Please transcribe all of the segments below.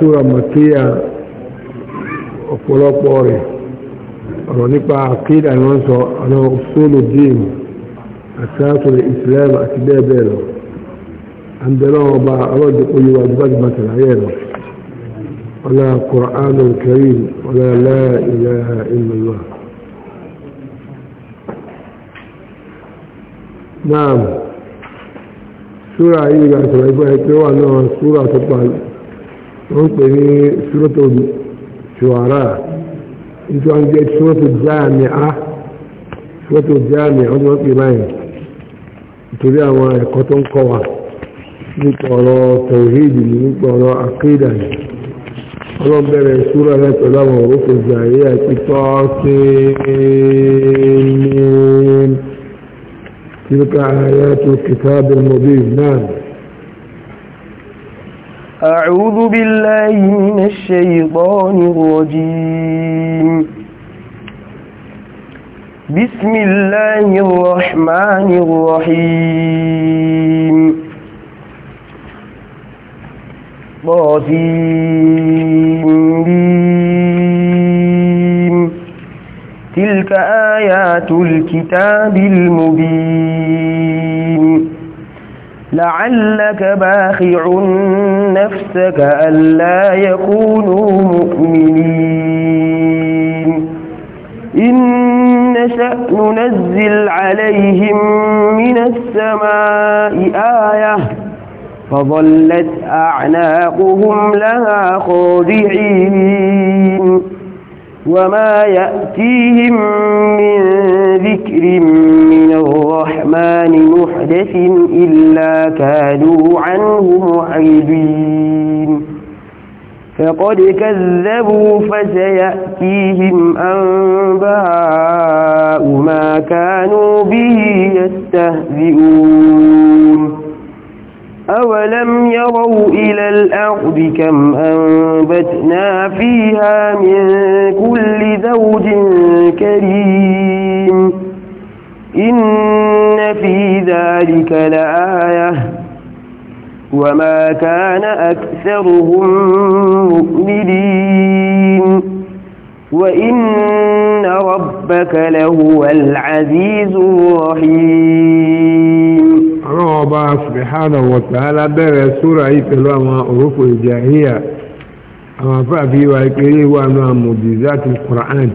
sura makiya ọ̀pọ̀lọpọ̀ rẹ̀ ọ̀rọ̀ nípa àkídà ni wọ́n sọ àwọn òṣèlú dín àtàkùn islam àti bẹ́ẹ̀ bẹ́ẹ̀ lọ àbẹ̀rẹ̀ ọba ọlọ́dún oyè wa gbájú bá tàlàyé lọ ọlá qur'an karim ọlá la ilaha wọ́n pè ní sọ́tò ṣùwárà nítorí wọ́n jẹ́ sọ́tò jáàmìá sọ́tò jáàmìá wọ́n ti wọ́n pè báyìí nítorí àwọn ẹ̀kọ́ tó ń kọ́ wa nípa ọ̀rọ̀ tẹ̀wéèdì nípa ọ̀rọ̀ akéèdà ni bẹ̀rẹ̀ sùúrà náà pẹ̀lú àwọn jàre àti tọ́sí ní أعوذ بالله من الشيطان الرجيم بسم الله الرحمن الرحيم طاسيم تلك آيات الكتاب المبين لعلك باخع نفسك ألا يكونوا مؤمنين إن نشأ ننزل عليهم من السماء آية فظلت أعناقهم لها خاضعين وما يأتيهم من ذكر من الرحمن محدث إلا كانوا عنه معيدين فقد كذبوا فسيأتيهم أنباء ما كانوا به يستهزئون أولم يروا إلى الأرض كم أنبتنا فيها من كل زوج كريم إن في ذلك لآية وما كان أكثرهم مؤمنين وإن ربك لهو العزيز الرحيم ọlọ́run ọba subhanahu wa ta'ala bẹ̀rẹ̀ sóra yìí pẹ̀lú àwọn òrófò ìjàhíyà àwọn afáàfi wa ìpínlẹ̀ wà nù àmọ̀dìzá ti Qur'an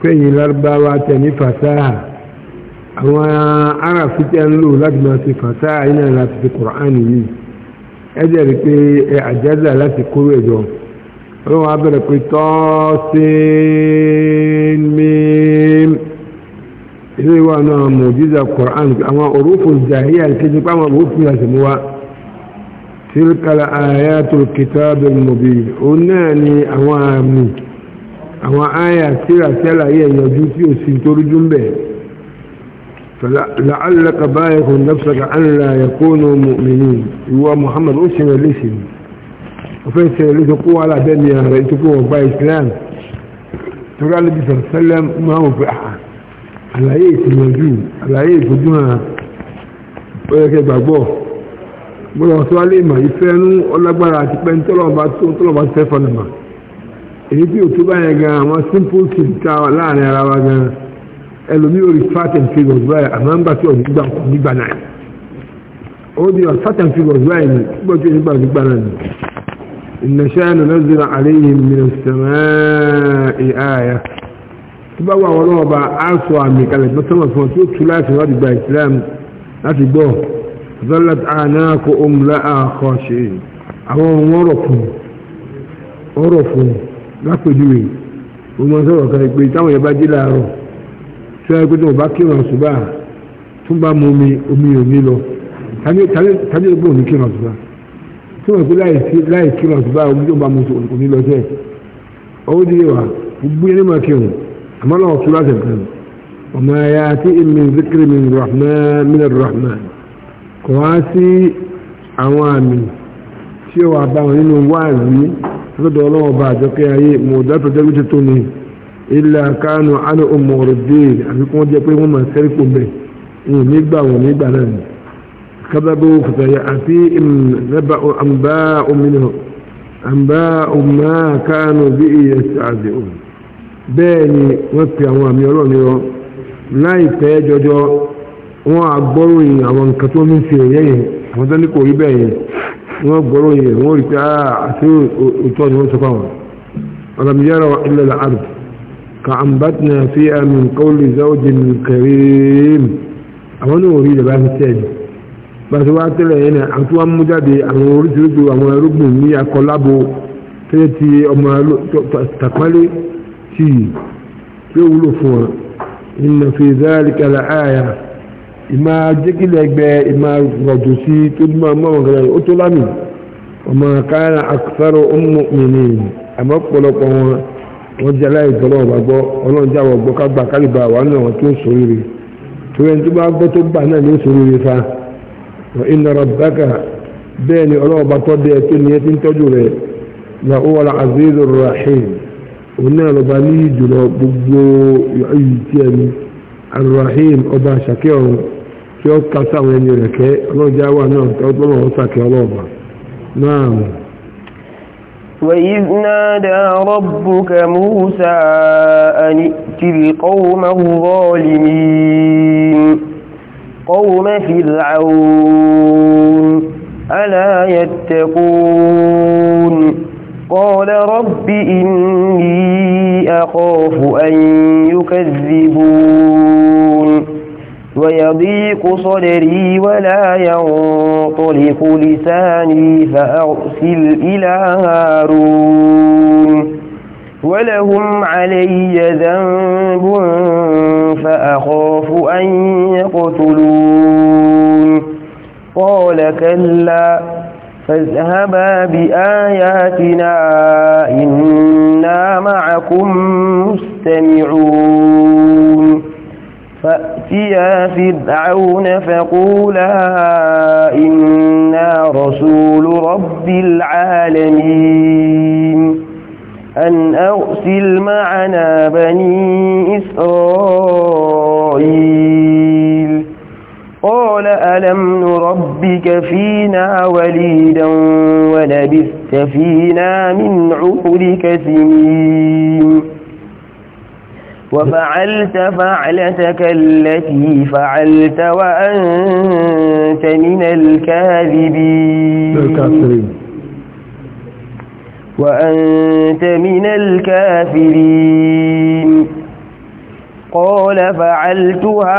pẹ̀yìn lárúbáwá tẹ̀ ní fasaha àwọn aráàfin tẹ́ ń lò láti máa ti fasaha yìí láti fi Qur'an yìí ẹ rí pé ẹ àjẹ́zà láti kóró ẹ̀jọ́ ọlọ́run abẹ́rẹ́ pé tọ́ sí mímu ilé wa náà mọ̀jíza Qur'an àwọn orúfù jahiyya kejì pàmò orúfù yàtìmú wa tilkala ayatul kitabil mubin òun náà ni àwọn àmì àwọn àyà tíra tẹ́lá yẹ yanjú tí ó sì torí jú bẹ́ẹ̀ la'allaka bayakun nafsaka an la yakunu mu'minin ìwà muhammad ó ṣe rẹ̀ léṣe fẹ́ ṣe rẹ̀ kó wà lábẹ́ ni ààrẹ tó kó wọ́n bá islam tó rálẹ́bí sọ̀rọ̀ sẹ́lẹ̀ máa àlàyé ìtìyànjú àlàyé ìgbójúhàn ọ̀yẹ̀kẹ́ gbàgbọ́ gbọ́dọ̀ tó wá lè mà ìfẹ́ ẹnu ọlágbára àti pẹ́ tọ́lọ́mọba tó tọ́lọ́mọba tẹ́ fọlọ́mà èyí tí òtún bá yẹn gan àwọn simple things ta láàrin ara wa gan ẹlòmí ò rí fat and figures báyìí àmọ́ ń gbà tí ò ní gbà kò ní gbà náà ó di ọ̀ fat figures báyìí ni gbọ́ tí ò gbà ní gbà náà ni ìnáṣẹ́ àná lọ́sẹ̀rẹ̀ àlẹ́ yìí mìíràn sẹ́mẹ́ ìhà tó bá wà wọn náà bá a sọ àmì kalẹ̀ tó sọ́mọ̀ fún ọ tí ó tú láti wá dìgbà ìsìlámù láti gbọ́ zọlá àánáàkó omùlá àkọ́ ṣe àwọn ohun ọ̀rọ̀ fún ọ̀rọ̀ fún lápèjúwe ó mọ sọ̀rọ̀ kan pé táwọn yẹn bá dé láàárọ̀ tí wọ́n yẹ pé tí wọ́n bá kírun àṣùbà tún bá mu omi omi ò ní lọ tàbí ẹgbẹ́ òní kírun àṣùbà tí wọ́n pé láì kírun àṣùbà omi tó bá mu omi lọ sẹ́ẹ̀ ọwọ́ àmọ́ náà tún láti nǹkan ọmọ ẹ̀yà àti ìmì zikiri mi rahman rahman kò wá sí àwọn àmì tí ó wà bá wọn nínú wáàzí lọ́dọ̀ ọlọ́wọ́ bá àjọkẹ́ ayé mọ̀ọ́dá tó jẹ́ wíṣẹ́ tó ní ilẹ̀ kánú àná ọmọọ̀rọ̀ déèrè àfi kí wọ́n jẹ́ pé wọ́n máa sẹ́rí kò bẹ̀ ní nígbà wọn nígbà náà ni kábàbọ̀ kùtàyà àti ìmùnẹ́bà àmbá omi náà àmbá omi náà kánú bí ìyẹn ṣáàzì òun bẹ́ẹ̀ ni wọ́n pe àwọn àmì ọlọ́run yọ láìpẹ́ jọjọ wọ́n á gbọ́ròyìn àwọn nǹkan tó ń fi ẹ̀yẹ́ yẹn àwọn tó ní kò rí bẹ́ẹ̀ yẹn wọ́n gbọ́ròyìn rẹ̀ wọ́n rí ah, ka fi àwọn náà rí ilẹ̀ fi tẹ̀ ni bàtí wàá tẹ̀lé yẹn náà àti wàá mú jáde àwọn àwọn tí tí ó wúlò fún wọn inna fi dhalika la aya ìmá jẹ́kílẹ̀ ẹgbẹ́ ìmá rọ̀jò sí tó dúmọ̀ mọ́wọn ma ó tó lámì ọmọ mu'minin àmọ́ pọ̀lọpọ̀ wọn wọ́n jẹ́ láì gbọ́lọ́ ọ̀bà gbọ́ ọlọ́run jáwọ̀ gbọ́ ká gbà kálíbà wà náà wọn tó ń sòrìrì tó yẹn tó bá ni òun náà lọ́ba ní ìjùlọ gbogbo ìyí tí ẹni arahim ọba àṣàkẹ́ ọ̀run tí ó ka sáwọn ẹni rẹ̀ kẹ́ ọlọ́jà wà náà tọ́lọ́mọ ọ̀sàkẹ́ ọlọ́ọ̀bà náà. وإذ نادى ربك موسى أن ائت القوم الظالمين قوم فرعون ألا يتقون قال رب إني أخاف أن يكذبون ويضيق صدري ولا ينطلق لساني فأرسل إلى هارون ولهم علي ذنب فأخاف أن يقتلون قال كلا فاذهبا بآياتنا إنا معكم مستمعون فأتيا فرعون فقولا إنا رسول رب العالمين أن أرسل معنا بني إسرائيل قال ألم نربك فينا وليدا ولبثت فينا من عمرك سنين وفعلت فعلتك التي فعلت وأنت من الكاذبين وأنت من الكافرين قال فعلتها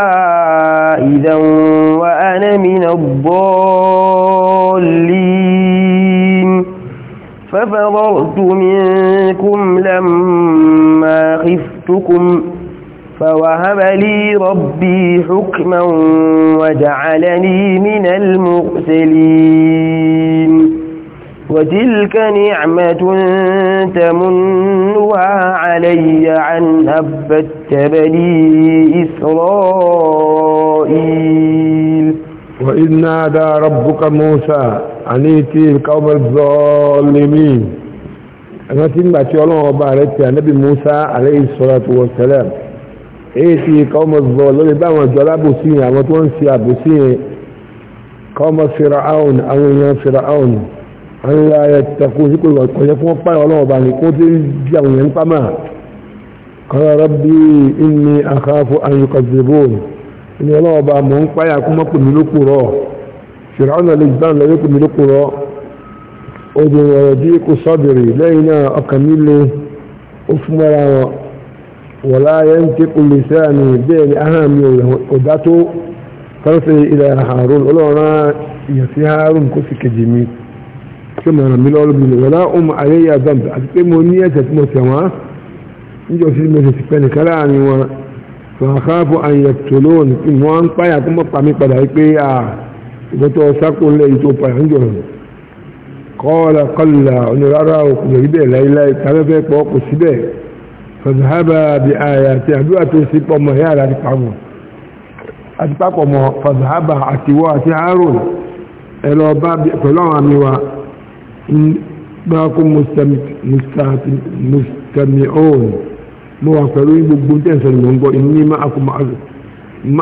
إذا وأنا من الضالين ففررت منكم لما خفتكم فوهب لي ربي حكما وجعلني من المرسلين وتلك نعمة تمنها علي عن أبت بني إسرائيل وإذ نادى ربك موسى أن ائتي القوم الظالمين أنا تنبع تيولون وبارك نبي موسى عليه الصلاة والسلام ائتي قوم الظالمين بما جلابوا سيئة وتنسي أبو سيئة قوم فرعون أو فرعون ńlá ẹ̀tẹ̀kù síkò ìwọ̀kọ̀yẹ fún ọpá ọlọ́wọ̀ bá ní kó tí jí àwọn èèyàn pàmà kọ́lá rọ́bí inni àkáfò àyíkọ̀zẹ̀bò ní ọlọ́wọ̀ bá mọ̀ ń páyà kó mọ́ pèmí ló kúrọ̀ ṣìrọ̀nà lè gbá lọ pèmí ló kúrọ̀ odò ọ̀rọ̀ bí kò sọ́bìrì lẹ́yìn náà ọkàn mi le kí mo ràn mí lọ́wọ́ bí wọ́n náà ọmọ ayé yà zambi àti pé mo ní ẹ̀ṣẹ̀ tí mo ṣẹ̀ wọ́n níjọ́ sí mo ṣe ti pẹ́ nìkan láàrin wọn fàákàfọ́ àyẹ̀ tòlóòn kí wọ́n ń páyà kó mọ́ pàmí padà wípé à ìgbọ́tọ̀ sákò lẹ́yìn tó pàyà ń jọ̀rọ̀ kọ́ọ̀lá kọ́lá onírárá òkùnrin rí bẹ́ẹ̀ láíláí tàbẹ́fẹ́ pọ̀ kò síbẹ̀ fàzàhábà bí àyà àti àdúrà tó sí pọ̀ mọ̀ yára ti pàmọ̀ àti pápọ̀ mọ̀ fàzàhábà àtiwọ́ àti àárò ẹ̀lọ́ bá pẹ̀lú àwọn àmì wa معكم مستمعون موافقين بقبولتين سنقول إني معكم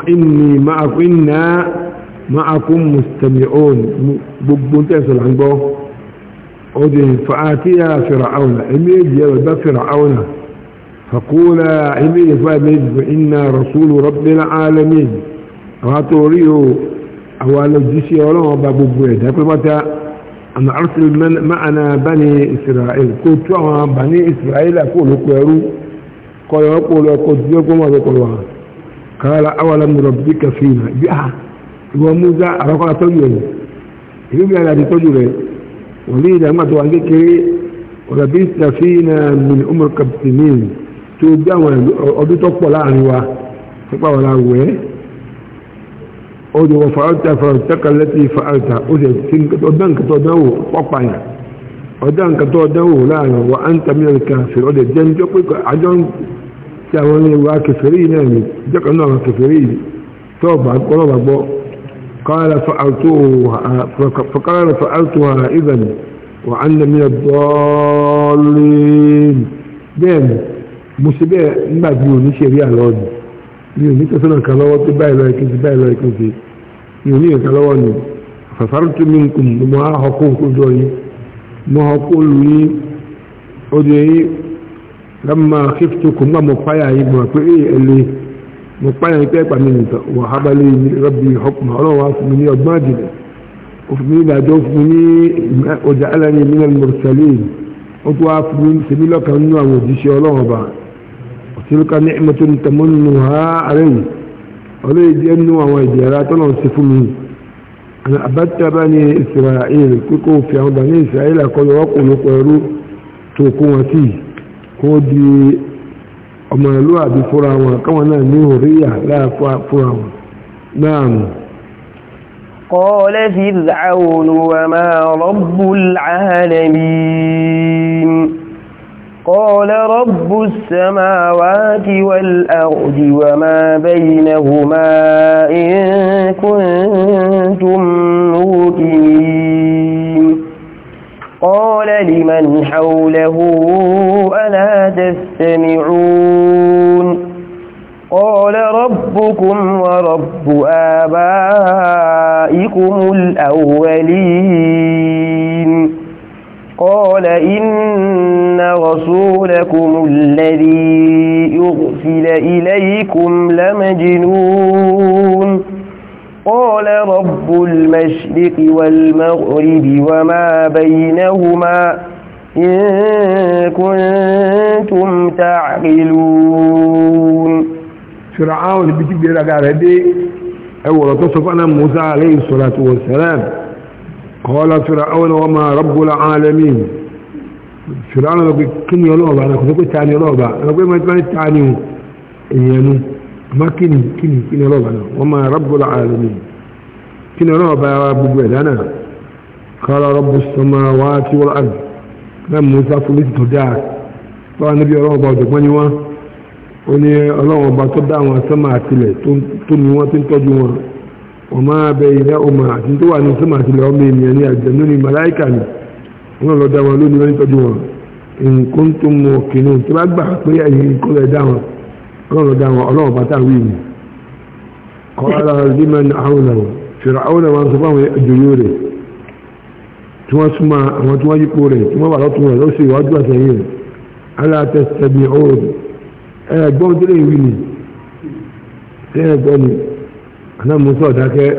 إني معكم إنا معكم مستمعون بقبولتين سنقول أذن فآتيها فرعون إميد يبدأ فرعون فقولا إميد فأميد فإنا رسول رب العالمين وأتوريه أولا الجيش يولون وبابو بويد هكذا أن أرسل من معنا بني إسرائيل كنت بني إسرائيل أقول كيرو قال يقول قد يقوم بقلوها قال أولم ربك فينا بها وموزع رفع تجري يبقى على تجري وليد ما توانك ولبثت فينا من عمر كبتنين توبيا ودي تقبل عنه تقبل عنه odi wa fa'alta fa'altaka allati fa'alta odi odan ka to dawo popanya odan ka to dawo la wa anta min al-kafir odi jen jo pe ko ajon ti àwọn ni wa kafiri na ni je kan na kafiri tó bá ko lo bá qala fa'altu fa qala fa'altuha idhan wa anna min ad-dallin dem musibe ngba bi sheria lodi mi ò ní tẹ̀sán kan lọ́wọ́ tó báyìí lọ́yẹ̀ kejì báyìí lọ́yẹ̀ kejì mi ò ní nǹkan lọ́wọ́ ni fàfàrù tó mi nkùn mo á ọkọ̀ òkúdọ̀ yìí mo ọkọ̀ lù yìí ó di yìí lámà kíftó kò má mo páyà yìí mo pé é ẹlẹ́ mo páyà yìí pẹ́ẹ́pà mi nìkan wà hábálẹ́ yìí rẹ́bì ọkùnrin ọlọ́run wá ọgbọ́n àjẹlẹ̀ تلك نعمة تمنها علي ولي جنوا وجرا تلون سفمي أنا أبدت بني إسرائيل كيكو في بني إسرائيل أقول وقل وقلوا توقوا فيه كودي أما لوا بفراوا كما نهوريا لا فراوا نعم قال فرعون وما رب العالمين قال رب السماوات والأرض وما بينهما إن كنتم موقنين قال لمن حوله ألا تستمعون قال ربكم ورب آبائكم الأولين قال إن رسولكم الذي يغفل إليكم لمجنون قال رب المشرق والمغرب وما بينهما إن كنتم تعقلون فرعون بتجرى قال دي أول تصف أنا موسى عليه الصلاة والسلام قال فرعون وما رب العالمين فرعون لو كن يلوبا انا كنت أقول تاني يلوبا انا أقول ما تاني تاني يعني ما كن كن كن يلوبا وما رب العالمين كن يلوبا يا رب بجوال انا قال رب السماوات والارض لم مسافر تدعك قال النبي يلوبا ودقمني وان ó ní ọlọ́wọ́n ọba tó dá àwọn sẹ́mà àtìlẹ̀ وما بينهما تنتوا أن سمعت لهم يعني الجنون ملائكة wọn lọ da wọn lónìí wọn tọ́jú wọn nǹkan tó mọ kìnnìún tó bá gbà pé ẹ̀yìn kó lè dá wọn wọn lọ da wọn ọlọ́wọ́ bàtà wíwì kọ́lá liman àwòrán fìrà àwòrán wọn sọ fún àwọn ìjòyè rẹ̀ tí wọ́n súnmọ́ àwọn tí wọ́n yípo rẹ̀ tí wọ́n wà lọ́tún rẹ̀ rẹ̀ alátẹ̀sẹ̀bì أنا موسى ذاك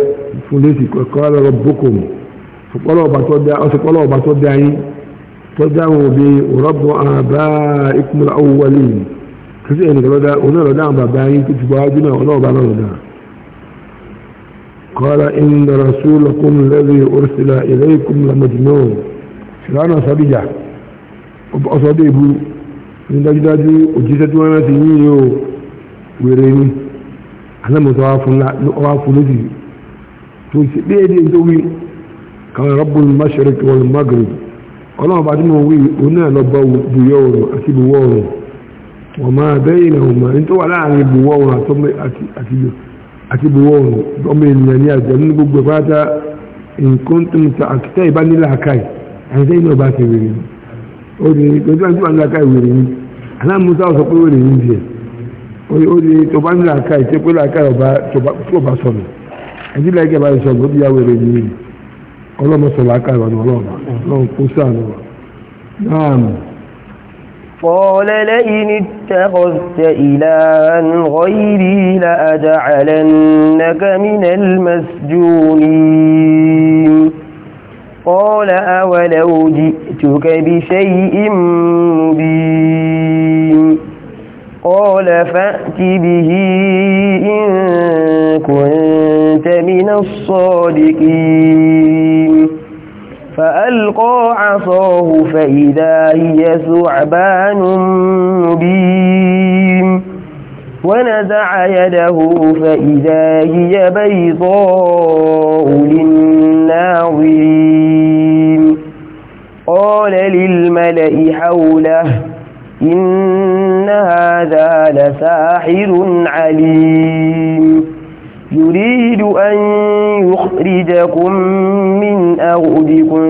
فلسي قال ربكم فقالوا بتودع أو فقالوا بتودعي تودعوا بي ورب آبائكم الأولين كذا يعني قالوا ده ونا لو ده عم بعدين تجيبوا عجنة ولا بعنا لو ده قال إن رسولكم الذي أرسل إليكم لمجنون شلون أصابيجا أصابيجو من دجاجي وجيتوا أنا تنيو ويريني alámọ̀tọ́ wá fún lójú tó ebe déédéé tó wí kan rabbul mashriq wal maghrib ọlọ́run bá tí mo wí oní àlọ́gbà buyọ́ àti buwọ́ wọ́n máa bẹ́yìn àwọn ọmọ ní tó wà láàrin buwọ́ àti ọmọ ènìyàn ní gbogbo pátá nǹkan tó ń ta àkítẹ́ àìsẹ́ ti wèrè ó ní pẹ̀lú wèrè aláàmúsá ọ̀sọ̀ pé wèrè ó di tó bá ní làákà ìtẹ́ pé làákà ọba tó bá sọnù ẹ̀jí làákà ìbá sọnù ó bí yàwó rẹ̀ nìyí ọlọ́mọ sọ làákà ìbá ọlọ́ọ̀bà ọlọ́run kó sànù wa náà. قال لئن اتخذت إلها غيري لأجعلنك من المسجونين قال أولو جئتك بشيء مبين فأت به إن كنت من الصادقين فألقى عصاه فإذا هي ثعبان مبين ونزع يده فإذا هي بيضاء للناظرين قال للملأ حوله إن هذا لساحر عليم يريد أن يخرجكم من أرضكم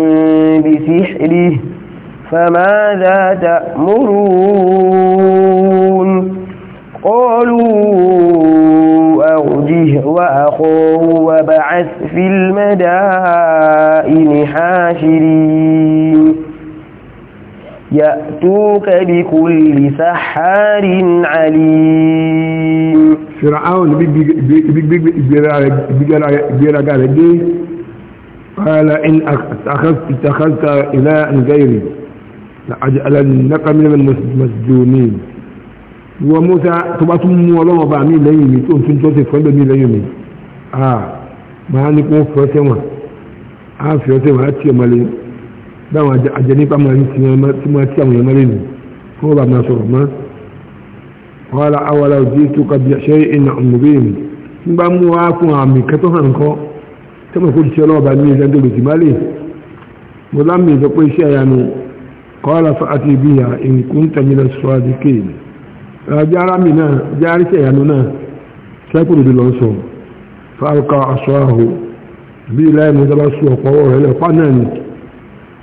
بسحره فماذا تأمرون قالوا أرجه وأخوه وبعث في المدائن حاشرين يأتوك بكل سحار عليم فرعون بجرى قال إن أخذت اتخذت إله غيري لأجعلنك من المسجونين وموسى تباتم والله بعمي ليمي تنتم توسف فندمي ليمي آه ما هنكون فرسما آه فرسما هاتي مليم báwọn àjẹní pa máa rí tí wọ́n tí àwọn èèyàn lè kó bá máa sọ̀rọ̀ mọ́ wọ́n awọ́lá òjì tó kọbi ṣe ìnà ọmọbìnrin ń bá mú wá fún àmì kẹtọ́ hàn kọ́ tí wọ́n kó ti ṣe ọlọ́ọ̀bá ní ilẹ̀ ndébè tì bálẹ̀ mo lámì ìjọ pé iṣẹ́ ìyanu kọ́lá fún àti ibi ìyà ìkún tẹ̀mílẹ̀ sọ́ọ́dí kéèlì jára mi náà járí sọ ọ̀pọ̀ ọ̀rọ̀ ẹlẹ́pàá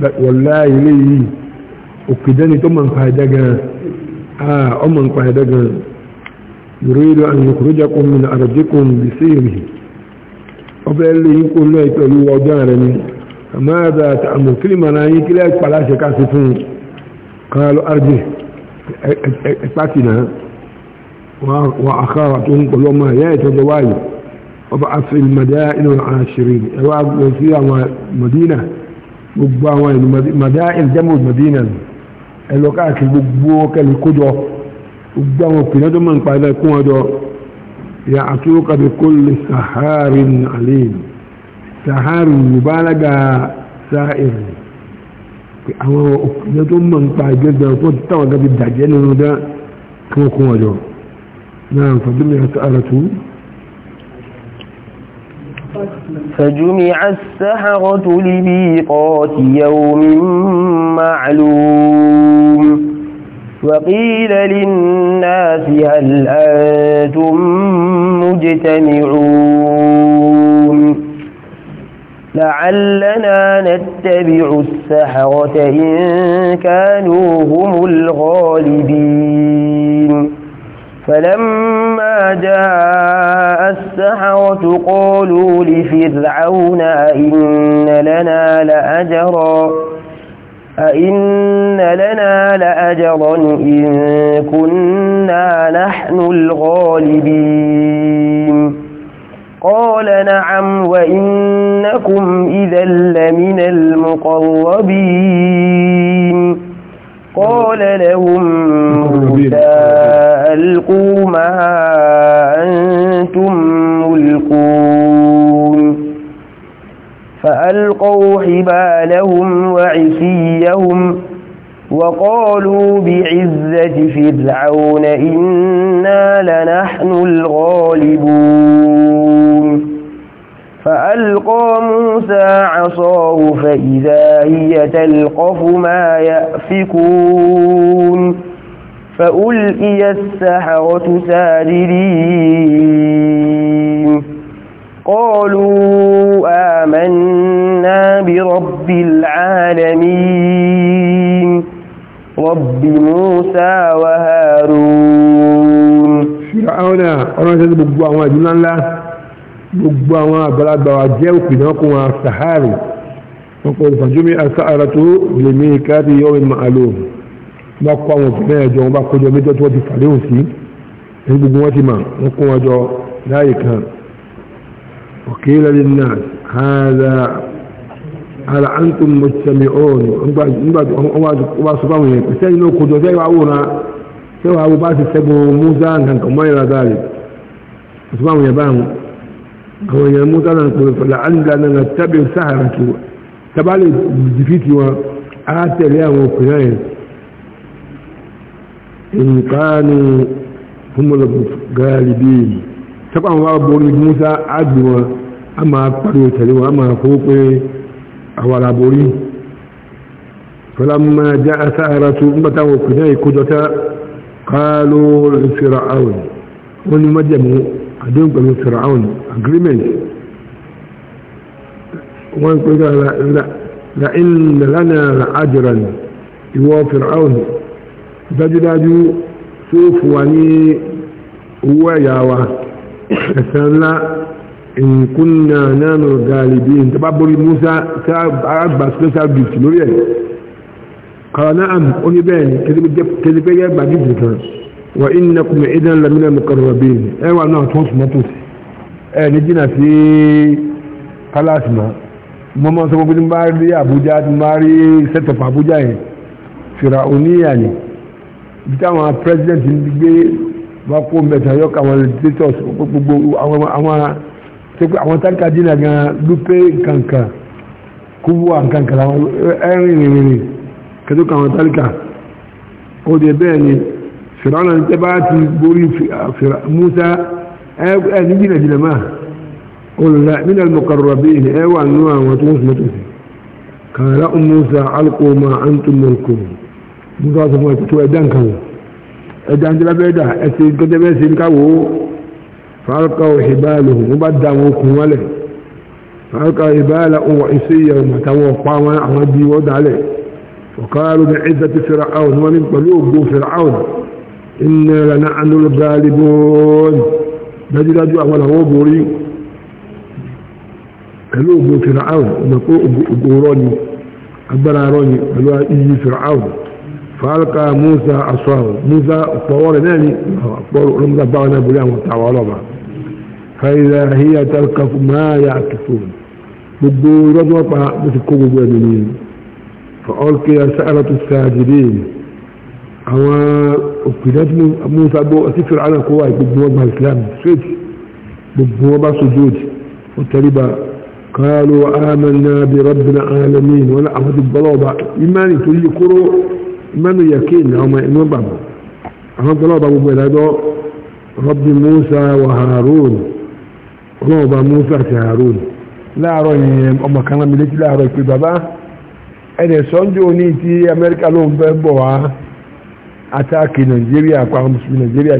wàláyé léyìí òkèdẹ́ni tó mọ̀ nǹkan ẹ̀dá gan ah ọmọ nǹkan ẹ̀dá gan yòròyìnbó àwọn yòkúrójàkùn mi náà àròjẹkùn bí séèrè ọbẹ̀ léyìn kó lóye pẹ̀lú ọjọ́ rẹ̀ ni àmọ́ àbẹ̀ àtàmọ̀ kílìmọ̀ náà yín kílẹ̀ pàláṣẹ káṣí fún un kan lọ arjẹ ẹ̀pàtì náà wà àkàrà tó ń pọ̀lọ́ mọ́ ẹ̀yà ìtọ́jọ wáyé ọba àfẹ́ ìmọ̀dá ìlú àṣírí ẹ̀wà gbọ̀nsí àwọn gbogbo àwọn ìlú mọ̀dá ìjẹ́mọ̀ Madina ẹlọ káàkiri gbogbo kẹlẹ̀ kójọ gbogbo àwọn òpinà tó mọ̀ ń pa ẹlẹ́kún ọjọ́ ya àtúrókà bí kó lè saharin alim saharin mubalaga sa'ir àwọn òpinà tó mọ̀ ń pa tó táwọn gabi dàjẹ́ nínú dá kún ọjọ́ náà fàdúmí àti àràtú فجمع السحرة لميقات يوم معلوم وقيل للناس هل أنتم مجتمعون لعلنا نتبع السحرة إن كانوا هم الغالبين فلما جاء السحرة قالوا لفرعون أئن لنا لأجرا أئن لنا لأجرا إن كنا نحن الغالبين قال نعم وإنكم إذا لمن المقربين قال لهم فألقوا حبالهم وعسيهم وقالوا بعزة فرعون إنا لنحن الغالبون فألقى موسى عصاه فإذا هي تلقف ما يأفكون فألقي السحرة ساجدين قالوا آمنا برب العالمين رب موسى وهارون فرعون أنا سيد بقبوة وجلنا الله بقبوة بلد وجيوك بناكم السحاري وقال فجمع السحرة لميكات يوم معلوم بقوا وجمع جوم بقوا جمع جوم بقوا جمع جوم بقوا جمع جوم بقوا جمع جوم بقوا جمع جوم وقيل للناس هذا هل أنتم مجتمعون وصفهم يقول سينو قدوا سوى أبو باس السبو موسى أنك وما إلى ذلك وصفهم يبان هو يا موسى أنك لعلنا نتبع سهرك تبالي وآتي إن كانوا هم الغالبين sọ́kọ́ àwọn aborí musa ágbè wọn a máa pariwo tẹ̀lé wọn a máa kó pé àwọn aláborí fọlámà já asá ara tó ń bàtà wọn kùnà ìkójọta káló fìràáwòn wọn ni májẹ̀mú àdéhùn pẹ̀lú fìràáwòn agreement wọn pé la in lana la ajran ìwọ fìràáwòn dájúdájú tó fún wa ní owó ẹ̀yà wa ẹ̀sánlá ìkúnnà náà gàlìbí tó bá borí musa tá a gba special gift lórí ẹ̀ kàrọ̀ náà àmì ó ní bẹ́ẹ̀ ni kẹ́lẹ́gbẹ́ yẹ́ gbàgbé jùlọ wà iná kùnmẹ̀ ìdán lamina mẹ́kọ̀rọ̀bí ẹwà náà tó súnmọ́ tó sí ẹ̀ ní jìnà sí palace ma mo máa sọ gbogbo tí máa rí Abuja tí máa rí set of Abuja yẹn fìrà oníyà ni bí táwọn president ń gbé bá kó mẹ́ta yọ káwọn litigators gbogbo àwọn àwọn tẹ́kọ̀ àwọn táǹkà dínà gan lúpé kankan kúbúwà kankan àwọn ẹ̀rìn rìnrìn kẹtọ́ káwọn táǹkà ó dẹ̀ bẹ́ẹ̀ ni fìrànà tẹ́ bá ti borí Musa ẹ̀ ní jìnà jìnà máa olùlá nínú mọ̀kàrọ̀bí ni ẹ wà nínú àwọn tó ń tó kàrà Musa alkoma antum Musa sọ fún ẹ̀ tó ẹ̀dá nǹkan wọn إذا عندما بدا أسير كتب أسير كابو فألقوا حباله مبدعوا كماله فألقوا حباله وعسية ومتوه قاموا عمدي وداله وقالوا بعزة فرعون ومن قلوبه فرعون إنا لنعن الغالبون بجل أجوا أولا هو بوري قلوبه فرعون ومقلوبه بوروني أبرا روني قلوبه فرعون فألقى موسى عصاه موسى طوال ناني طوال رمضة بعنا بلان وتعوالما فإذا هي تلقف ما يعكفون بدو بس بسكوب بأمنين فألقي سألة الساجدين أو أكدت موسى أبو أسفر على قواي بدو وضع الإسلام سيد بدو وضع سجود وتربى قالوا آمنا بربنا العالمين ولا أحد الضلوبة إيماني تريد كرو mẹ́nu yakin ọmọ inú gbàgbọ́ àwọn tó a gbogbo ìdájọ́ rọ́bì musa wà harun ọlọ́ọ̀bà musa àti harun láàárọ̀ yẹn ọmọ kan náà mi létí bàbá ẹnì sọ́njọ́ ti amẹ́ríkà ló ń fẹ́ bọ̀ wá atáàkì nàìjíríà nigeria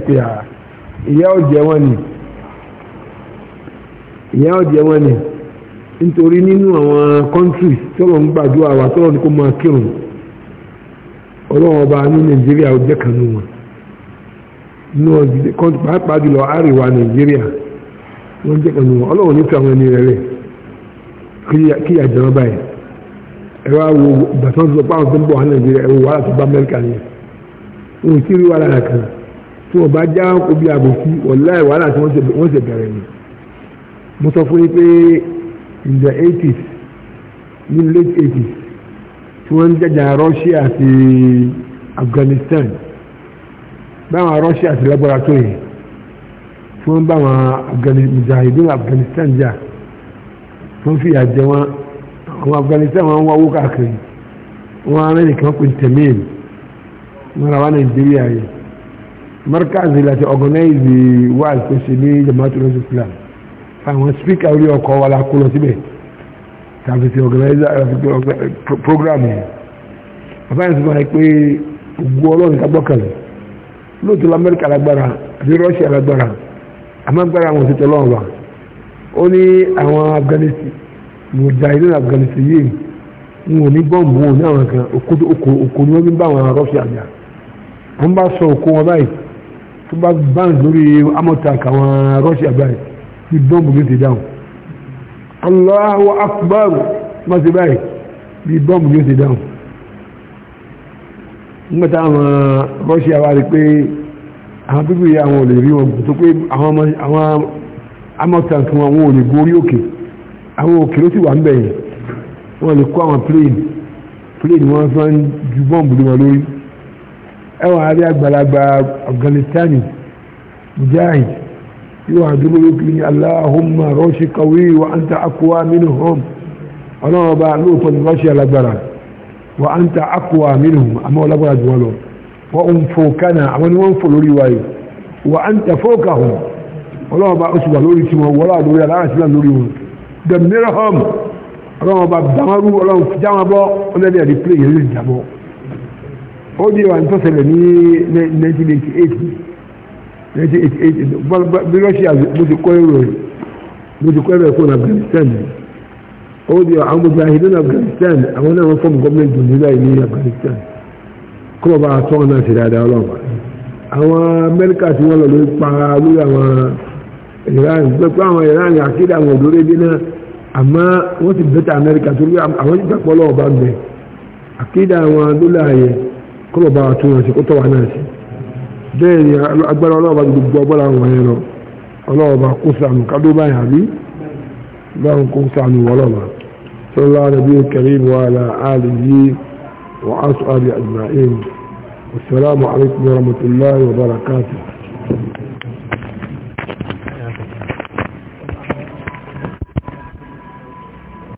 ni nítorí nínú àwọn countries tọ́lọ̀ ọlọ́wọ́ ọba ní nàìjíríà ó jẹ́ kanú wọn pàápàá jùlọ àríwá nàìjíríà wọ́n jẹ́ kanú wọn ọlọ́wọ́ ní tí àwọn ẹni rẹ̀ rẹ̀ kí àjẹ́ wọn báyìí ẹ̀rọ àwọ̀ ìgbàsán sọ pé àwọn tó ń bọ̀ wá nàìjíríà ẹ̀rọ wàhálà tó bá amẹ́ríkà ni wọn ò rí wàhálà kan tí wọn bá já obi àbòsí wọ̀láì wàhálà tí wọ́n ṣe bẹ̀rẹ̀ ni mo sọ fún yín pé in the 80s ní late 80s tí wọ́n ń jẹjà Russia àti Afghanistan báwọn Russia àti lágbára tó yìí tí wọ́n báwọn mujahideen Afghanistan jà wọ́n fi àjẹ wọn àwọn Afghanistan wọn wá owó káàkiri wọn arẹ nìkan pè tẹ̀míìn wọn ra wá Nàìjíríà yìí markazi láti organize wáàlì tó ṣe ní jamaatu lọ́sùn fúlàn àwọn speaker orí ọkọ̀ wà lákúlọ̀ síbẹ̀ tàbí ti organizer eh, program yẹn bàbá yẹn sọ fún mi pé ògùn ọlọ́run ká gbọ́kànlẹ̀ lóòótọ́ lọ amẹ́ríkà lágbára àti russia lágbára amágbára àwọn òṣìṣẹ́ ọlọ́run wa ó ní àwọn afghanistan mujahideen afghanistan yìí ń wò ní bọ́ǹbù wọn ní àwọn kan òkò ni wọ́n fi ń bá àwọn russia jà wọ́n bá sọ òkò wọn báyìí tó bá báńkì lórí amọ̀tàkà àwọn russia báyìí ní bọ́ǹbù ló ti dáhùn Allahu akbar ma ti báyìí bí bọ́ọ̀mù yóò ti dáhùn nígbàtà àwọn Russia wá rí pé àwọn pípì àwọn olè rí wọn tó pé àwọn amọ́tàn tí wọn ò lè gorí òkè àwọn òkè ló sì wà ń bẹ̀yìn wọ́n lè kó àwọn plane plane wọ́n fẹ́ ń ju bọ́ọ̀mù lé wọn lórí ẹwà àrí àgbàlagbà Afghanistan mujahid يوعدون يكلي اللهم روش قوي وأنت أقوى منهم أنا بعلوك الرشي لبرا وأنت أقوى منهم أما لبرا جوالهم وأم فوقنا أما ننفو لرواي وأنت فوقهم أنا بأسوى لوري سمهم ولا دوري لا أسوى لوريهم دمرهم أنا بدمروا أنا جمبوا أنا لي ريبلي يريد جمبوا أودي وأنت سلني 1988 1988 bí Russia bó ti kọ́ èrò rẹ̀ bó ti kọ́ èrò ẹ̀kọ́ ní Afghanistan ó di àwọn mujahideen ní Afghanistan àwọn náà wọ́n fọ́ọ̀mù gọ́ọ̀mẹ̀ntì òmìnira ìlú Afghanistan kọ́ bá tọ́ sí dáadáa àwọn Amẹ́ríkà tí wọ́n lọ lórí pa lórí àwọn Iran àwọn Iran àwọn òdòdó náà àmọ́ wọ́n ti Amẹ́ríkà àwọn gbẹ àwọn kọ́ bá wọn sí kó tọ́ bẹ́ẹ̀ ni agbára ọlọ́ọ̀bá ti gbogbo ọgbọ́n àwọn ẹ̀yẹ lọ ọlọ́ọ̀bá kó sànù kádó báyìí àbí báwọn kó sànù ọlọ́ọ̀bá sọlá nàbí karim wa ala alihi wa ashabi ajma'in assalamu alaikum wa rahmatullahi wa barakatuh